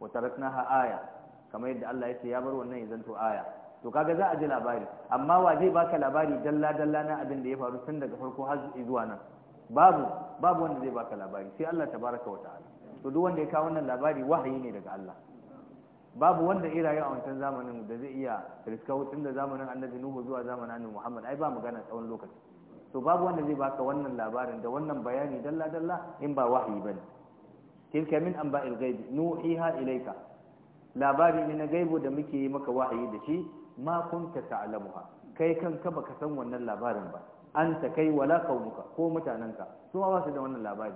wa ha aya kamar yadda Allah ya ce ya bar wannan yanzu to aya to kaga za a ji labari amma wa zai baka labari dalla dalla na abin da ya faru tun daga farko har zuwa nan babu babu wanda zai baka labari sai Allah tabaraka wa ta'ala to duk wanda ya kawo wannan labari wahayi ne daga Allah babu wanda ya rayu a wancan zamanin da zai iya riska hutun da zamanin annabi nuhu zuwa zamanin annabi muhammad ai ba magana tsawon lokaci to babu wanda zai baka wannan labarin da wannan bayani dalla dalla in ba wahayi bane tilka min anba'il ghaibi nuhiha ilayka labari ne na gaibo da muke yi maka wahayi da shi ma ta ta'lamuha kai kanka baka san wannan labarin ba an ta kai wala qaumuka ko mutananka su ma ba su da wannan labari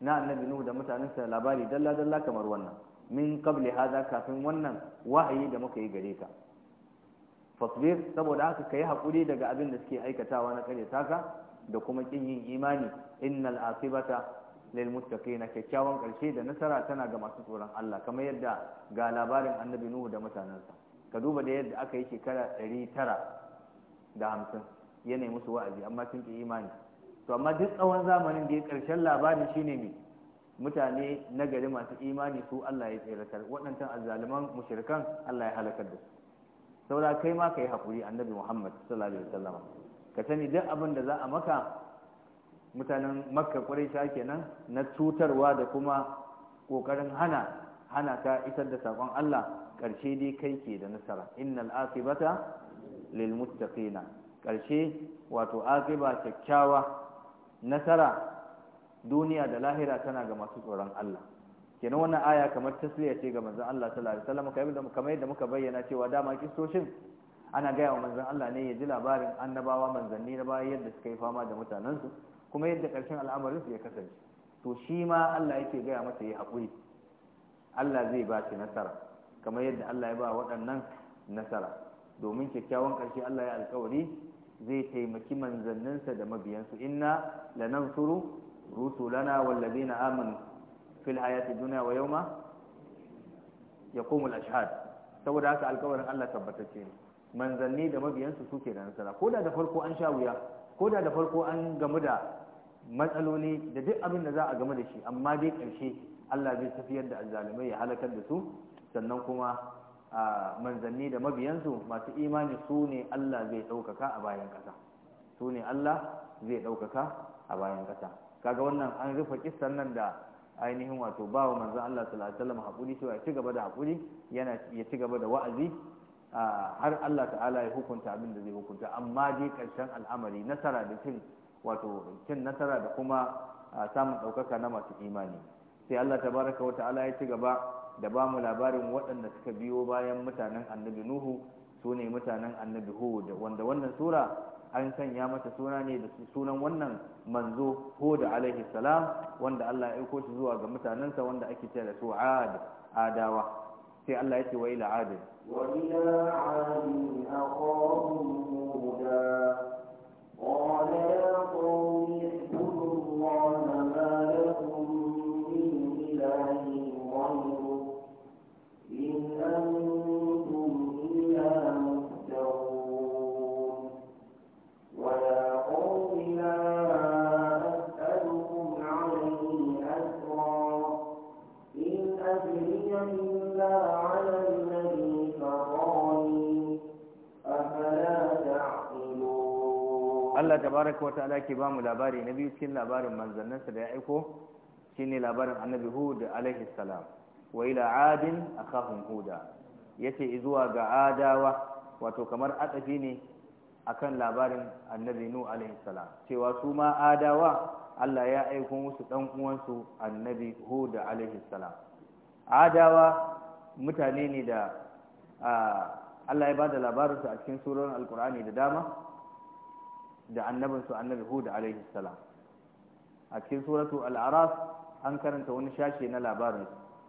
na annabi nuhu da mutanansa labari dalla dalla kamar wannan min qabli hadha kafin wannan wahayi da muka yi gare ka fasbir saboda haka kai hakuri daga abin da suke aikatawa na kare taka da kuma kin yin imani innal asibata lil muttaqina kyakkyawan karshe da nasara tana ga masu tsoron Allah kamar yadda ga labarin annabi Nuhu da mutanansa ka duba da yadda aka yi shekara ɗari tara da hamsin ya nemi musu wa'azi amma sun ki imani to amma duk tsawon zamanin da ya karshen labarin shine me mutane nagari masu imani su Allah ya tsiratar waɗancan azzaluman mushrikan Allah ya halakar da su saboda kai ma ka yi annabi Muhammad sallallahu alaihi wasallam ka sani duk abin da za a maka mutanen makka ƙwarisha kenan na cutarwa da kuma ƙoƙarin hana hana ta isar da saƙon Allah ƙarshe dai kai ke da nasara innal aqibata lil muttaqina ƙarshe wato aqiba kyakkyawa nasara duniya da lahira tana ga masu tsoron Allah kenan wannan aya kamar tasliya ce ga manzon Allah sallallahu alaihi wasallam kamar yadda muka bayyana cewa dama kistoshin ana gaya wa manzon Allah ne ya ji labarin annabawa manzanni na baya yadda suka yi fama da mutanensu kuma yadda ƙarshen al'amarin su ya kasance to shi ma Allah yake gaya masa ya haƙuri Allah zai ba shi nasara kamar yadda Allah ya ba waɗannan nasara domin kyakkyawan ƙarshe Allah ya alƙawari zai taimaki manzanninsa da mabiyansu inna lanansuru rusulana wallazina amanu fil hayati dunya wa yawma yaqumul ashhad saboda haka alƙawarin Allah tabbatacce ne manzanni da mabiyansu suke da nasara ko da da farko an sha wuya ko da da farko an gamu da matsaloli da duk abin da za a game da shi amma dai ƙarshe Allah zai tafiyar da azzalumai ya halakar da su sannan kuma manzanni da mabiyansu masu imani su ne Allah zai ɗaukaka a bayan ƙasa su ne Allah zai ɗaukaka a bayan ƙasa kaga wannan an rufe kissan nan da ainihin wato ba wa manzan Allah sallallahu alaihi wasallam haƙuri cewa ya ci gaba da haƙuri yana ya ci gaba da wa'azi har Allah ta'ala ya hukunta abin da zai hukunta amma dai karshen al'amari nasara da cin wato cin nasara da kuma samun ɗaukaka na masu imani sai Allah ta baraka wa ta'ala ya ci gaba da ba mu labarin waɗanda suka biyo bayan mutanen annabi nuhu su ne mutanen annabi hud wanda wannan sura an sanya mata suna ne da sunan wannan manzo hud alaihi salam wanda Allah ya aiko shi zuwa ga mutanensa wanda ake ce da su ad adawa sai Allah ya ce wa ila ad wa ila ad aqahum قال يا قوم tabaraka wa ta'ala ke bamu labari na biyu cikin labarin manzannansa da ya aiko shine labarin Annabi Hud alaihi salam wa ila adin akhahum huda yace zuwa ga adawa wato kamar atsafi ne akan labarin Annabi nu alaihi salam cewa su ma adawa Allah ya aiko musu dan uwansu Annabi Hud alaihi salam adawa mutane ne da ah, Allah ya bada labarinsu a cikin surorin Alkur'ani da dama da annabinsu annabi hud alaihi salam a cikin suratu al'araf an karanta wani shashe na labarin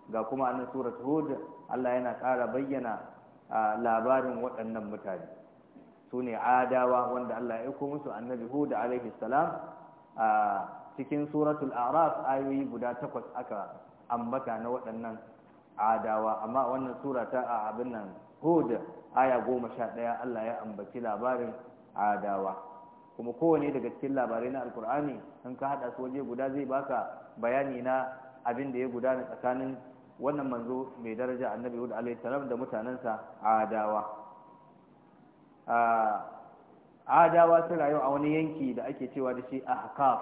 ga kuma annan suratu hud allah yana ƙara bayyana labarin waɗannan mutane su ne adawa wanda allah ya aiko musu annabi hud alaihi salam a cikin suratul araf ayoyi guda takwas aka ambata na waɗannan adawa amma wannan sura ta a abin nan hud aya goma sha ɗaya allah ya ambaci labarin adawa kuma kowane daga cikin labarai na alkur'ani in ka hada su waje guda zai baka bayani na abin da ya gudana tsakanin wannan manzo mai daraja annabi wadda alaihi salam da mutanensa adawa adawa sun rayu a wani yanki da ake cewa da shi ahkaf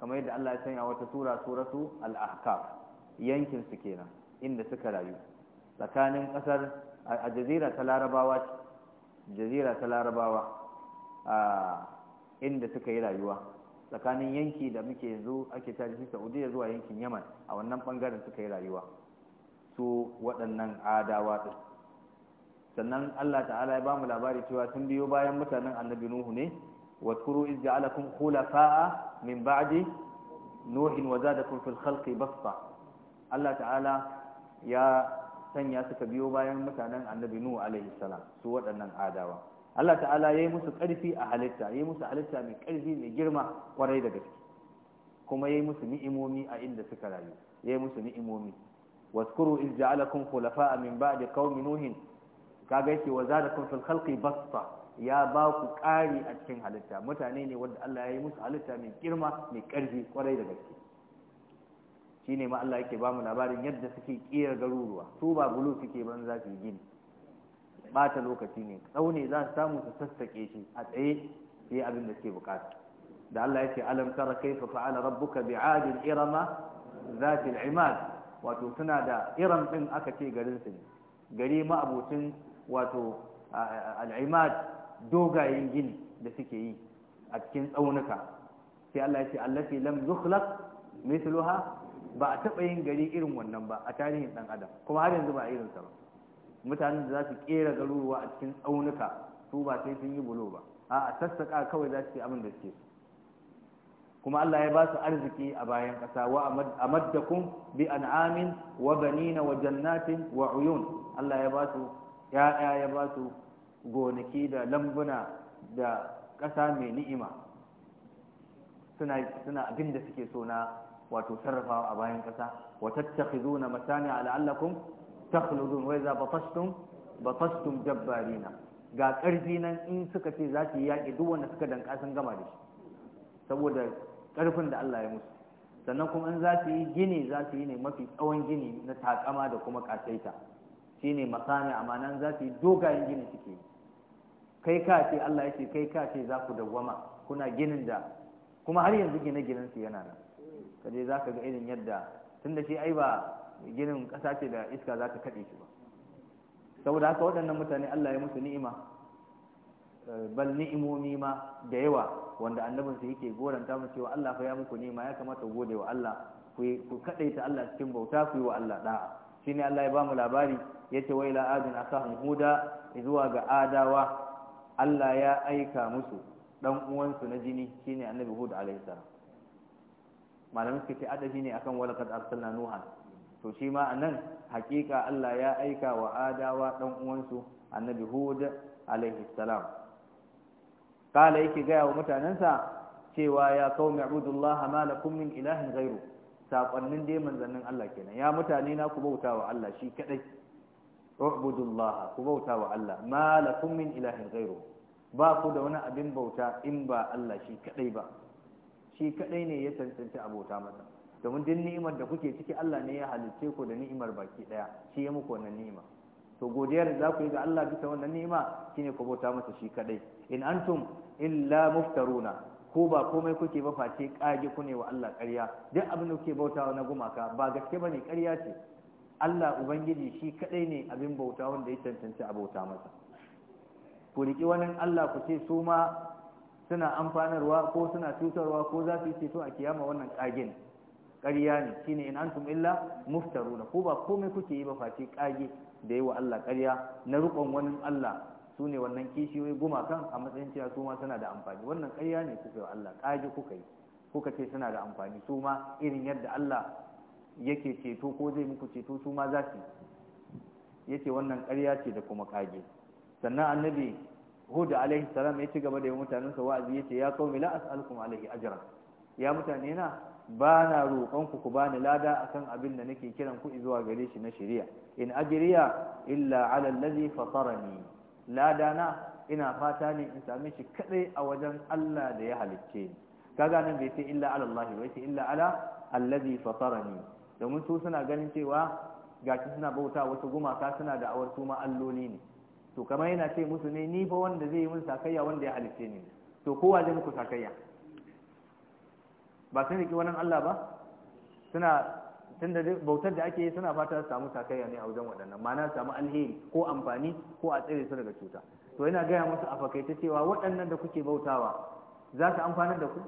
kamar yadda Allah ya sanya wata sura suratu al-ahkaf yankin su kenan inda suka rayu tsakanin kasar a jazira ta larabawa jazira ta larabawa inda suka yi rayuwa tsakanin yanki da muke yanzu ake tare saudiya zuwa yankin yaman a wannan bangaren suka yi rayuwa su waɗannan adawa ɗin sannan allah ta'ala ya bamu labari cewa sun biyo bayan mutanen annabi nuhu ne واذكروا إذ جعلكم خلفاء من بعد نوح da في halki بسطة allah ta'ala ya sanya suka biyo bayan mutanen annabi nuhu alaihi salam su waɗannan adawa Allah ta'ala ya yi musu ƙarfi a halitta ya yi musu halitta mai ƙarfi mai girma kwarai da gaske kuma ya yi musu ni'imomi a inda suka rayu ya yi musu ni'imomi واذكروا min ba'di qaumi من kaga yake wa zadakum fil khalqi basta ya ba ku kare a cikin halitta mutane ne wanda Allah ya yi musu halitta mai girma mai karfi kwarai da gaske shine ma Allah yake mu labarin yadda suke kiyar garuruwa su ba bulu suke ban za su gini bata lokaci ne tsaune za su samu su sassake shi a tsaye su yi abin da suke bukata da Allah ya ce alam tara kaifa fa'ala rabbuka bi'adin irama zatil imad wato suna da iram din aka ce garin su ne gari ma'abocin wato al'imad dogayen gini da suke yi a cikin tsaunuka sai Allah ya ce allati lam yukhlaq mithluha ba a taɓa yin gari irin wannan ba a tarihin ɗan adam kuma har yanzu ba irinsa ba mutanen da za su kera garuruwa a cikin tsaunuka su ba sai sun yi bulo ba a sassaƙa kawai za su yi abin da suke kuma Allah ya ba su arziki a bayan ƙasa wa maddakun bi an'amin wa banina wa jannatin wa uyun Allah ya ba su ya'ya ya ba su gonaki da lambuna da ƙasa mai ni'ima suna suna abin da suke so na wato sarrafawa a bayan ƙasa wa tattakhizuna masani'a la'allakum takhludun wai za batashtum batashtum jabbarina ga karfi nan in suka ce za su yi yaƙi duk wanda suka danka sun gama da shi saboda ƙarfin da Allah ya musu sannan kuma in za su yi gini za su yi ne mafi tsawon gini na takama da kuma ƙasaita shine masani amma nan za su yi dogayen gini suke kai ka ce Allah ya ce kai ka ce za ku dawwama kuna ginin da kuma har yanzu gine ginen su yana nan kaje za ka ga irin yadda tunda da shi ai ba ginin ƙasa ce da iska za ta kaɗe shi ba saboda haka waɗannan mutane Allah ya musu ni'ima eh, bal ni'imomi ma da yawa wanda annabinsu yake goranta mu cewa Allah fa ya muku ni'ima ya kamata ku gode wa Allah ku kaɗaita Allah cikin bauta ku yi wa Allah da'a shine Allah ya bamu labari ya ce ila adin akahum huda zuwa ga adawa Allah ya aika musu dan uwansu na jini shine annabi hud alaihi salam malamin suka ce ada ne akan walaqad arsalna nuha to shi ma a nan hakika Allah ya aika wa adawa ɗan uwansu annabi hud alaihi salam kala yake gaya wa mutanensa cewa ya kawo ma'budullaha ma lakum ilahin sakonnin dai manzannin Allah kenan ya mutane na ku bauta wa Allah shi kadai ubudullaha ku bauta wa Allah ma lakum ilahin ba ku da wani abin bauta in ba Allah shi kadai ba shi kadai ne ya tantance abota masa domin duk ni'imar da kuke ciki Allah ne ya halicce ku da ni'imar baki daya shi ya muku wannan ni'ima to godiyar da za yi ga Allah bisa wannan ni'ima shine ku bauta masa shi kadai in antum illa muftaruna ko ba komai kuke ba face kage ku ne wa Allah ƙarya duk abin da kuke wa na gumaka ba gaske bane ƙarya ce Allah ubangiji shi kadai ne abin bauta wanda ya cancanci a bauta masa ku riki wani Allah ku ce su ma suna amfanarwa ko suna cutarwa ko za su yi ceto a kiyama wannan kagen ƙarya ne shi ne in an antum illa muftaruna ko ba komai kuke yi ba face kage da yi wa Allah ƙarya na rukon wani Allah su ne wannan kishiyoyi gumakan a matsayin cewa su ma suna da amfani wannan ƙarya ne kuka yi Allah kage kuka yi kuka ce suna da amfani su ma irin yadda Allah yake ceto ko zai muku ceto su ma za su yake wannan ƙarya ce da kuma kage sannan annabi hudu alaihi salam ya ci gaba da yi mutanensa wa'azi ya ce ya kawo mila as'alukum alaihi ajiyar ya mutane na ba na roƙonku ku bani lada akan abin da nake kiran ku zuwa gare shi na shari'a in ajriya illa ala allazi fatarani lada na ina fata ne in sami shi kadai a wajen Allah da ya halicce ni kaga nan bai ce illa ala Allah bai ce illa ala allazi fatarani domin su suna ganin cewa gashi suna bauta wasu gumaka suna da awar su ma alloli ne to kamar yana ce musu ne ni fa wanda zai yi min sakayya wanda ya halicce ni to kowa zai muku sakayya ba sun riƙi wani Allah ba suna tun da bautar da ake yi suna fata su samu takayya ne a wajen waɗannan ma'ana su samu alheri ko amfani ko a tsere su daga cuta to yana gaya musu a fakaita cewa waɗannan da kuke bautawa za su amfanar da ku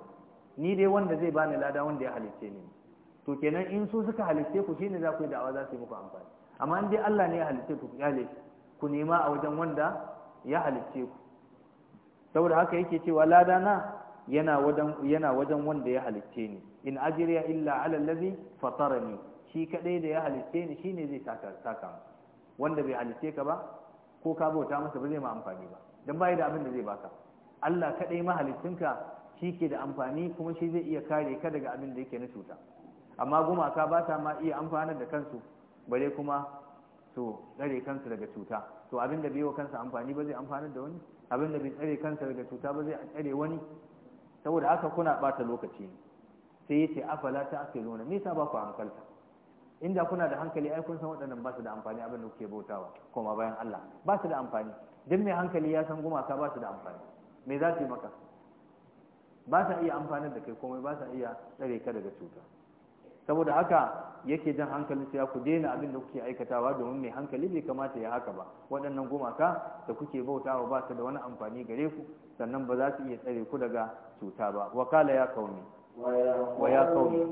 ni dai wanda zai bani lada wanda ya halicce ni to kenan in su suka halicce ku shine za ku yi da'awa za su yi muku amfani amma in dai Allah ne ya halicce ku kyale ku nema a wajen wanda ya halicce ku saboda haka yake cewa lada na yana wajen yana wanda ya halicce ni in ajriya illa ala allazi fatarani shi kadai da ya halicce ni shine zai taka saka wanda bai halicce ka ba ko ka bauta masa ba zai ma amfani ba dan bai da abin da zai baka Allah kadai mahalicinka shi ke da amfani kuma shi zai iya kare ka daga abin da yake na cuta amma gumaka ba ta ma iya amfanar da kansu bare kuma su tsare kansu daga cuta to abin da bai wa kansa amfani ba zai amfanar da wani abin da bai tsare kansa daga cuta ba zai tsare wani saboda haka kuna bata lokaci ne sai yace afala ta luna me yasa ba ku hankalta inda kuna da hankali ai kun san waɗannan ba su da amfani abin da kuke bautawa koma bayan Allah ba su da amfani duk mai hankali ya san gumaka ba su da amfani me za su yi maka ba sa iya amfanar da kai komai ba sa iya tsare ka daga cuta saboda haka yake jan hankalin ya ku daina abin da kuke aikatawa domin mai hankali bai kamata ya haka ba waɗannan gumaka da kuke bautawa ba su da wani amfani gare ku sannan ba za su iya tsare ku daga cuta ba wakala ya kauni wa ya kauni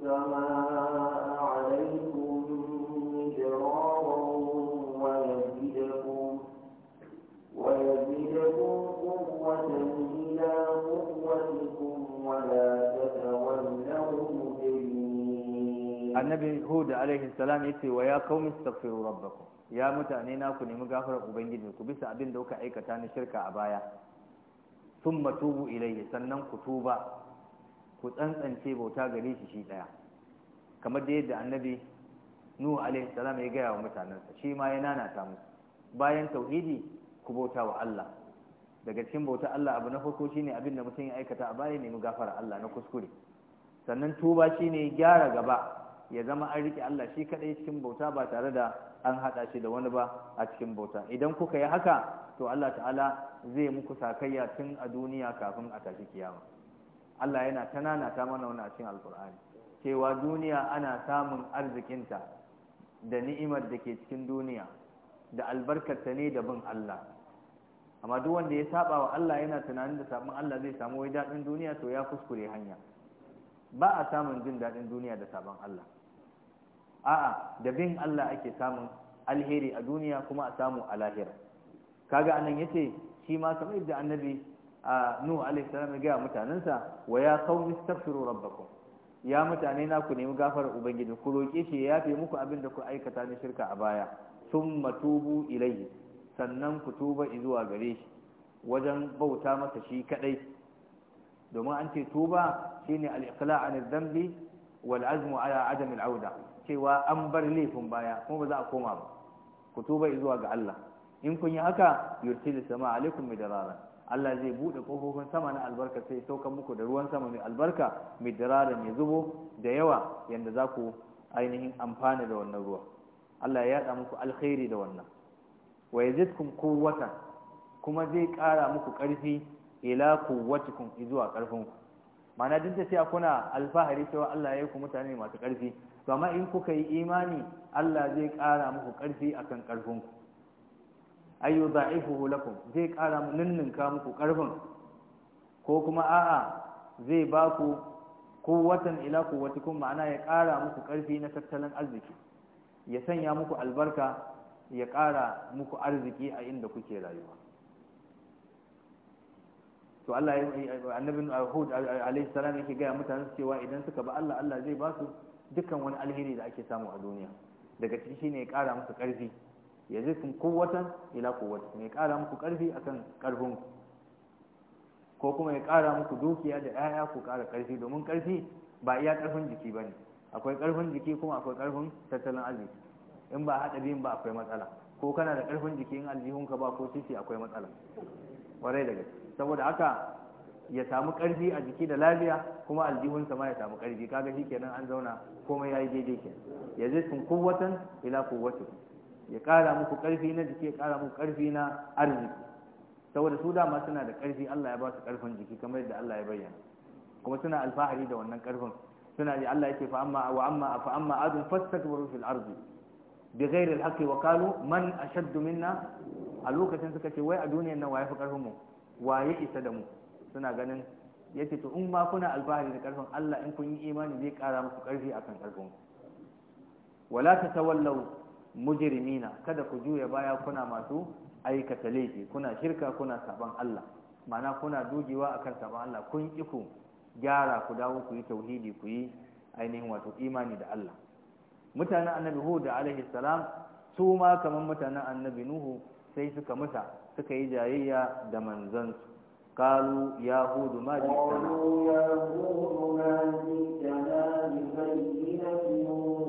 ثم annabi hud alaihi salam yace wa ya qaumi astaghfiru rabbakum ya mutane na ku nemi gafarar ubangiji ku bisa abin da kuka aikata na shirka a baya thumma tubu ilayhi sannan ku tuba ku tsantsance bauta gare shi shi daya kamar da yadda annabi nuhu alaihi salam ya gaya wa mutanensa shi ma ya nanata musu bayan tauhidi ku bauta wa Allah daga cikin bauta Allah abu na farko shine abin da mutum ya aikata a baya nemi gafara Allah na kuskure sannan tuba shine gyara gaba ya zama an rike Allah shi kadai cikin bauta ba tare da an hada shi da wani ba a cikin bauta idan kuka yi haka to Allah ta'ala zai muku sakayya tun a duniya kafin a tafi kiyama Allah yana tanana ta mana wani a cikin alkur'ani cewa duniya ana samun arzikinta da ni'imar da ke cikin duniya da albarkarta ne da bin Allah amma duk wanda ya saba wa Allah yana tunanin da sabon Allah zai samu wai daɗin duniya to ya kuskure hanya ba a samun jin daɗin duniya da sabon Allah a'a da bin Allah ake samun alheri a duniya kuma a samu a lahira kaga anan yace shi ma kamar yadda annabi nuhu alaihi salam ya ga mutanansa wa ya qaumi istaghfiru rabbakum ya mutane na ku nemi gafarar ubangiji ku roke shi ya yafe muku abin da ku aikata na shirka a baya thumma tubu ilayhi sannan ku tuba zuwa gare shi wajen bauta masa shi kadai domin an ce tuba shine al-iqla' an adh-dhanbi wal azmu ala adam auda cewa an bar laifin baya kuma ba za a koma ba ku tuba zuwa ga Allah in kun yi haka yurtilu sama alaikum midrara Allah zai buɗe kofofin sama na albarka sai sauka muku da ruwan sama mai albarka midrara mai zubo da yawa yanda za ku ainihin amfana da wannan ruwa Allah ya yada muku alkhairi da wannan wa yazidkum quwwatan kuma zai kara muku karfi ila quwwatikum zuwa karfinku ma'ana din ta cewa kuna alfahari cewa Allah ya yi ku mutane masu ƙarfi to amma in kuka yi imani Allah zai ƙara muku ƙarfi akan ƙarfinku ayyu da'ifuhu lakum zai ƙara ninninka muku ƙarfin ko kuma a'a zai ba ku quwwatan ila quwwatikum ma'ana ya ƙara muku ƙarfi na tattalin arziki ya sanya muku albarka ya ƙara muku arziki a inda kuke rayuwa to Allah ya annabin Hud alayhi salam yake gaya mutane cewa idan suka ba Allah Allah zai ba su dukkan wani alheri da ake samu a duniya daga ciki shine ya kara musu karfi ya zai kun kuwatan ila ne ya kara muku karfi akan karfin ko kuma ya kara muku dukiya da 'ya'ya ku kara karfi domin karfi ba iya karfin jiki bane akwai karfin jiki kuma akwai karfin tattalin arziki in ba haɗa biyun ba akwai matsala ko kana da karfin jiki in aljihunka ba ko sisi akwai matsala kwarai da gaske saboda haka ya samu karfi a jiki da lafiya kuma aljihunsa ma ya samu karfi kaga shi kenan an zauna komai yayi daidai ke ya zai sun kuwatan ila kuwatu ya kara muku ƙarfi na jiki ya kara muku karfi na arziki saboda su dama suna da ƙarfi Allah ya ba su jiki kamar yadda Allah ya bayyana kuma suna alfahari da wannan karfin suna ji Allah yake fa amma wa amma fa amma adun fastakbaru fil ardi bighairi alhaqi wa qalu man ashaddu minna a lokacin suka ce wai a duniyar nan waye fi karfin mu waye isa da mu suna ganin ya ce to in ma kuna alfahari da karfin Allah in kun yi imani zai kara muku karfi akan karfin wala tatawallaw mujrimina kada ku juya baya kuna masu aikata laifi kuna shirka kuna saban Allah ma'ana kuna dogewa akan saban Allah kun ki ku gyara ku dawo ku yi tauhidi ku yi ainihin wato imani da Allah mutanen annabi Hud alaihi salam su ma kamar mutanen annabi Nuhu sai suka musa suka yi jayayya da manzansu قالوا يا هود ما جئتنا قالوا يا هود ما جئتنا ببينة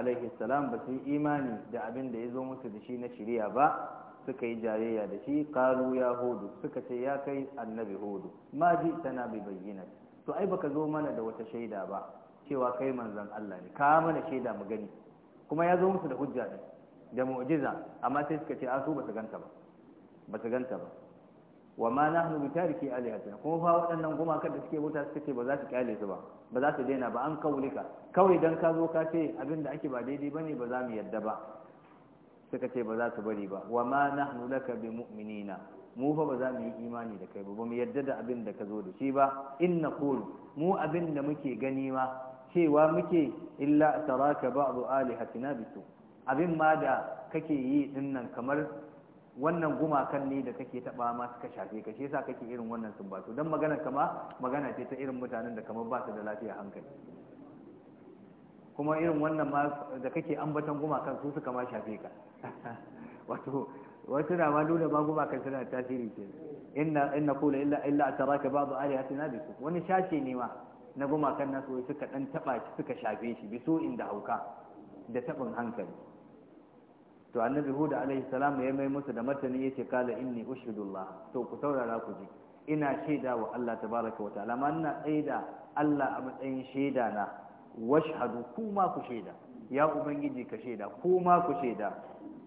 alaihi salam ba su yi imani da abin da ya zo musu da shi na shirya ba suka yi jayayya da shi karu ya hudu suka ce ya kai annabi hudu ma ji tana bi bayyana to ai baka zo mana da wata shaida ba cewa kai manzon Allah ne ka mana shaida mu gani kuma ya zo musu da hujja ne da mu'jiza amma sai suka ce a su ba su ganta ba ba su ganta ba wa ma nahnu bi tariki alihatina kuma fa waɗannan gumakan da suke wuta suka ce ba za su kyale su ba ba za su daina ba an kaulika kawai don ka zo ka ce abin da ake ba daidai ba ne ba za mu yadda ba suka ce ba za su bari ba wa ma nahnu laka bi mu'minina mu fa ba za mu yi imani da kai ba ba mu yadda da abin da ka zo da shi ba in na kulu mu abin da muke gani ma cewa muke illa taraka ba'du alihatina bisu abin ma da kake yi ɗinnan kamar wannan gumakan ne da kake taba ma suka shafe ka shi yasa kake irin wannan sumbatu dan magana kama magana ce ta irin mutanen da kamar ba su da lafiya hankali kuma irin wannan ma da kake ambaton gumakan su suka ma shafe ka wato wasu na ma nuna ma gumakan suna tasiri ke inna inna qula illa illa ataraka ba'd alihatina bisu wani shace ne ma na gumakan nasu suka dan taba shi suka shafe shi bisu inda hauka da tabin hankali to annabi huda alaihi salam ya mai musu da martani yace kala inni ushhidullah to ku saurara ku ji ina shaida wa Allah tabaraka wa ta'ala manna tsaida Allah a matsayin shaida na washhadu kuma ku shaida ya ubangiji ka shaida kuma ku shaida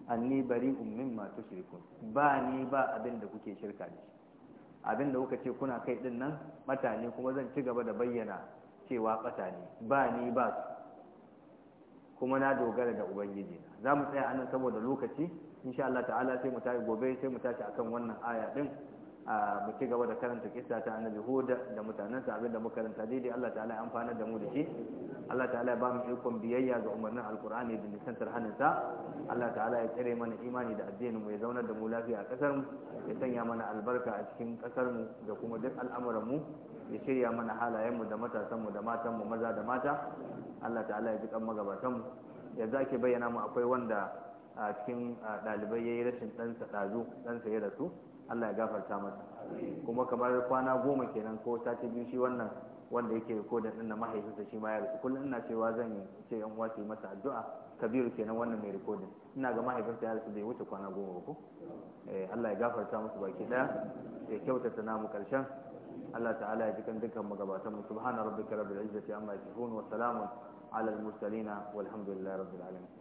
anni bari'un mimma tushrikun ba ni ba abin da kuke shirka da shi abin da kuka ce kuna kai din nan matani kuma zan ci gaba da bayyana cewa ƙasa ne ba ni ba kuma na dogara da ubangiji na za mu tsaya nan saboda lokaci insha Allah ta'ala sai mu tashi gobe sai mu tashi akan wannan aya din mu ci gaba da karanta kissa ta annabi Huda da mutanensa abin da muka karanta daidai Allah ta'ala ya amfana da mu da shi Allah ta'ala ya ba mu ikon biyayya ga umarnin alkur'ani da tarhanin sa Allah ta'ala ya tsare mana imani da addinin mu ya zauna da mu lafiya a kasar mu ya sanya mana albarka a cikin kasar mu da kuma duk al'amuran mu ya shirya mana halayen mu da matasan mu da matan mu maza da mata Allah ta'ala ya ji kan magabatan mu ya ke bayyana mu akwai wanda a cikin ɗalibai ya yi rashin ɗansa ɗazu ɗansa ya rasu Allah ya gafarta masa kuma kamar kwana goma kenan ko sati biyu shi wannan wanda yake ko da ɗin na mahaifinsa shi ma ya rasu kullum ina cewa zan yi ce yan uwa su yi masa addu'a kabiru kenan wannan mai rikodin ina ga mahaifinsa ya rasu bai wuce kwana goma ko eh, Allah ya gafarta masu baki ɗaya ya kyautata namu ƙarshen Allah ta'ala ya ji kan dukkan magabatan mu subhana rabbika rabbil izzati amma yasifun wa salamun على المرسلين والحمد لله رب العالمين